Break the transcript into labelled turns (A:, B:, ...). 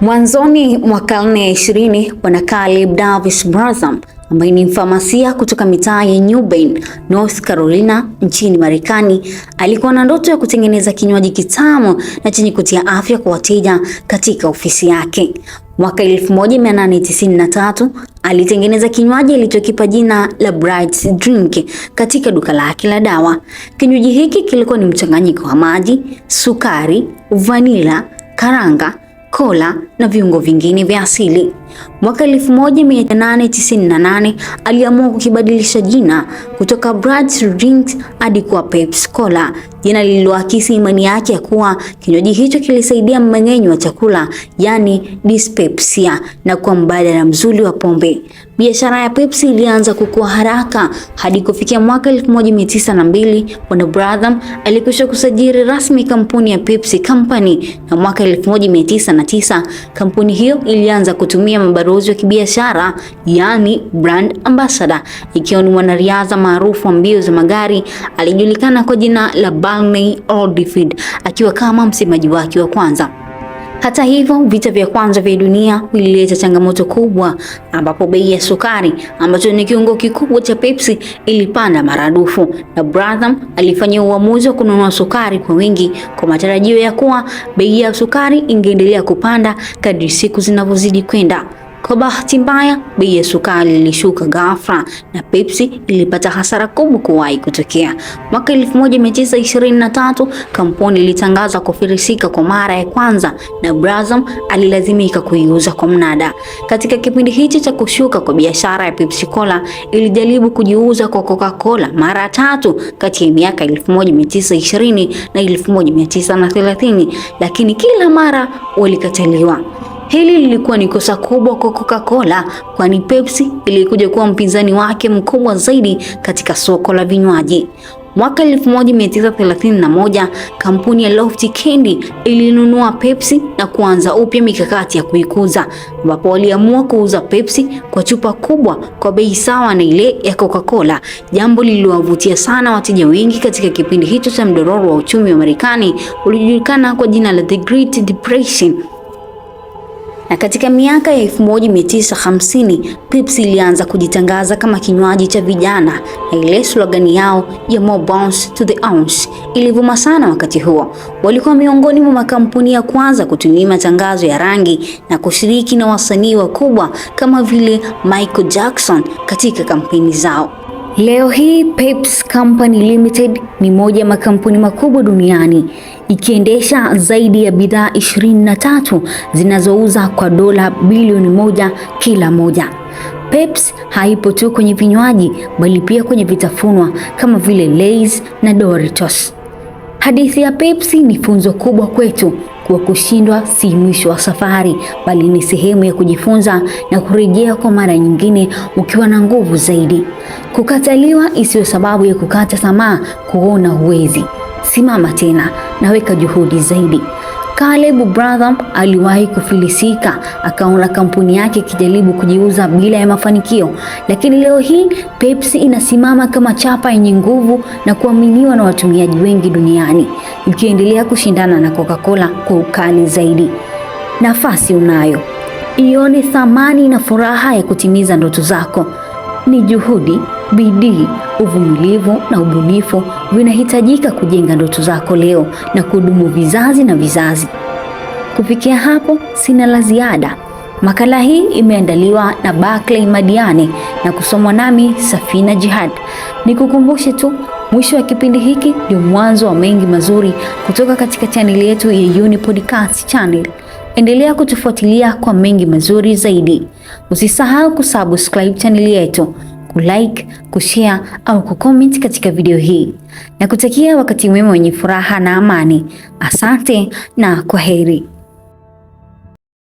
A: Mwanzoni mwa karne ya ishirini, Bwana Caleb Davis Brazam ambaye ni mfamasia kutoka mitaa ya Newbern, North Carolina nchini Marekani, alikuwa na ndoto ya kutengeneza kinywaji kitamu na chenye kutia afya kwa wateja katika ofisi yake. Mwaka 1893 alitengeneza kinywaji alichokipa jina la Bright Drink katika duka lake la dawa. Kinywaji hiki kilikuwa ni mchanganyiko wa maji, sukari, vanila, karanga kola na viungo vingine vya asili. Mwaka 1898 aliamua kukibadilisha jina kutoka Brad's Drinks hadi kuwa Pepsi Cola, jina lililoakisi imani yake ya kuwa kinywaji hicho kilisaidia mmeng'enyo wa chakula, yani dyspepsia, na kuwa mbadala mzuri wa pombe. Biashara ya Pepsi ilianza kukua haraka hadi kufikia mwaka 1902 Bwana Branham alikwisha kusajili rasmi kampuni ya Pepsi Company, na mwaka 1909 kampuni hiyo ilianza kutumia mabalozi wa kibiashara, yani brand ambassador, ikiwa ni mwanariadha maarufu wa mbio za magari alijulikana kwa jina la Barney Oldfield akiwa kama msemaji wake wa kwanza. Hata hivyo, vita vya kwanza vya dunia vilileta changamoto kubwa, ambapo bei ya sukari ambacho ni kiungo kikubwa cha Pepsi ilipanda maradufu, na Branham alifanya uamuzi wa kununua sukari kwa wingi kwa matarajio ya kuwa bei ya sukari ingeendelea kupanda kadri siku zinavyozidi kwenda. Kwa bahati mbaya, bei ya sukari ilishuka ghafla na Pepsi ilipata hasara kubwa kuwahi kutokea. Mwaka 1923 kampuni ilitangaza kufirisika kwa mara ya kwanza na Brazom alilazimika kuiuza kwa mnada. Katika kipindi hichi cha kushuka kwa biashara ya Pepsi Cola ilijaribu kujiuza kwa Coca-Cola mara tatu kati ya miaka 1920 na 1930, lakini kila mara walikataliwa. Hili lilikuwa ni kosa kubwa kwa Coca-Cola, kwani Pepsi ilikuja kuwa mpinzani wake mkubwa zaidi katika soko la vinywaji. Mwaka 1931 kampuni ya Lofty Candy ilinunua Pepsi na kuanza upya mikakati ya kuikuza, ambapo waliamua kuuza Pepsi kwa chupa kubwa kwa bei sawa na ile ya Coca-Cola, jambo lililowavutia sana wateja wengi katika kipindi hicho cha mdororo wa uchumi wa Marekani uliojulikana kwa jina la The Great Depression na katika miaka ya 1950 Pepsi ilianza kujitangaza kama kinywaji cha vijana na ile slogani yao ya more bounce to the ounce ilivuma sana wakati huo. Walikuwa miongoni mwa makampuni ya kwanza kutumia matangazo ya rangi na kushiriki na wasanii wakubwa kama vile Michael Jackson katika kampeni zao. Leo hii Pepsi Company Limited ni moja ya makampuni makubwa duniani ikiendesha zaidi ya bidhaa ishirini tatu zinazouza kwa dola bilioni moja kila moja. Peps haipo tu kwenye vinywaji bali pia kwenye vitafunwa kama vile Lay's na Doritos. Hadithi ya Pepsi ni funzo kubwa kwetu kuwa kushindwa si mwisho wa safari bali ni sehemu ya kujifunza na kurejea kwa mara nyingine ukiwa na nguvu zaidi. Kukataliwa isiyo sababu ya kukata tamaa, kuona huwezi simama tena na weka juhudi zaidi. Caleb Branham aliwahi kufilisika, akaona kampuni yake ikijaribu kujiuza bila ya mafanikio, lakini leo hii Pepsi inasimama kama chapa yenye nguvu na kuaminiwa na watumiaji wengi duniani, ikiendelea kushindana na Coca-Cola kwa ukali zaidi. Nafasi unayo, ione thamani na furaha ya kutimiza ndoto zako. Ni juhudi Bidii, uvumilivu na ubunifu vinahitajika kujenga ndoto zako leo na kudumu vizazi na vizazi. Kufikia hapo, sina la ziada. Makala hii imeandaliwa na Barclay Madiane na kusomwa nami Safina Jihad. Nikukumbushe tu mwisho wa kipindi hiki ndio mwanzo wa mengi mazuri kutoka katika chaneli yetu ya Uni Podcast Channel. Endelea kutufuatilia kwa mengi mazuri zaidi. Usisahau kusubscribe chaneli yetu kulike, kushare au kucomment katika video hii na kutakia wakati mwema wenye furaha na amani. Asante na kwaheri.